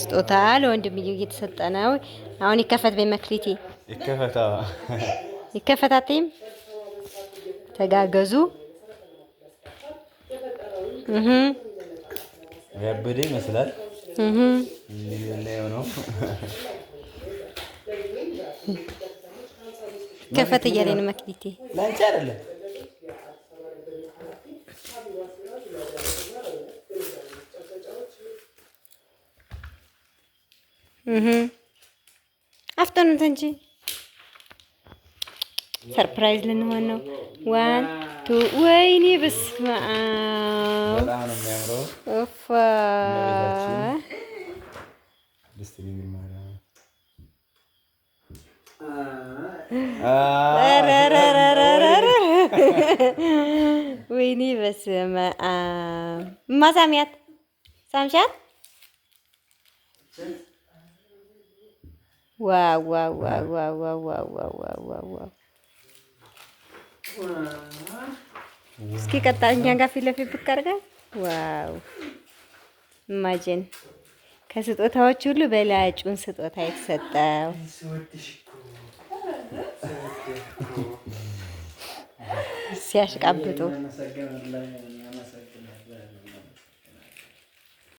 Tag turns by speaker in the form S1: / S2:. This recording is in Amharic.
S1: ስጦታ ለወንድምዬ እየተሰጠ ነው። አሁን ይከፈት በይ መክሊቴ፣
S2: ይከፈታ
S1: ይከፈታትም ተጋገዙ።
S2: ያበደ ይመስላል ነው
S1: ይከፈት ነው መክሊቴ ላንቺ አይደለም አፍጠኑት እንጂ ሰርፕራይዝ ልንሆን ነው። ዋን ቱ ወይኔ በስመ አብ ወይኔ በስመ አብ እማ ሳምሻት ዋው እስኪ ቀጣኛ ጋር ፊት ለፊት ብቅ አድርገን ዋው! ኢማጂን ከስጦታዎች ሁሉ በላጩን ስጦታ የተሰጠው ሲያሽቃብጡ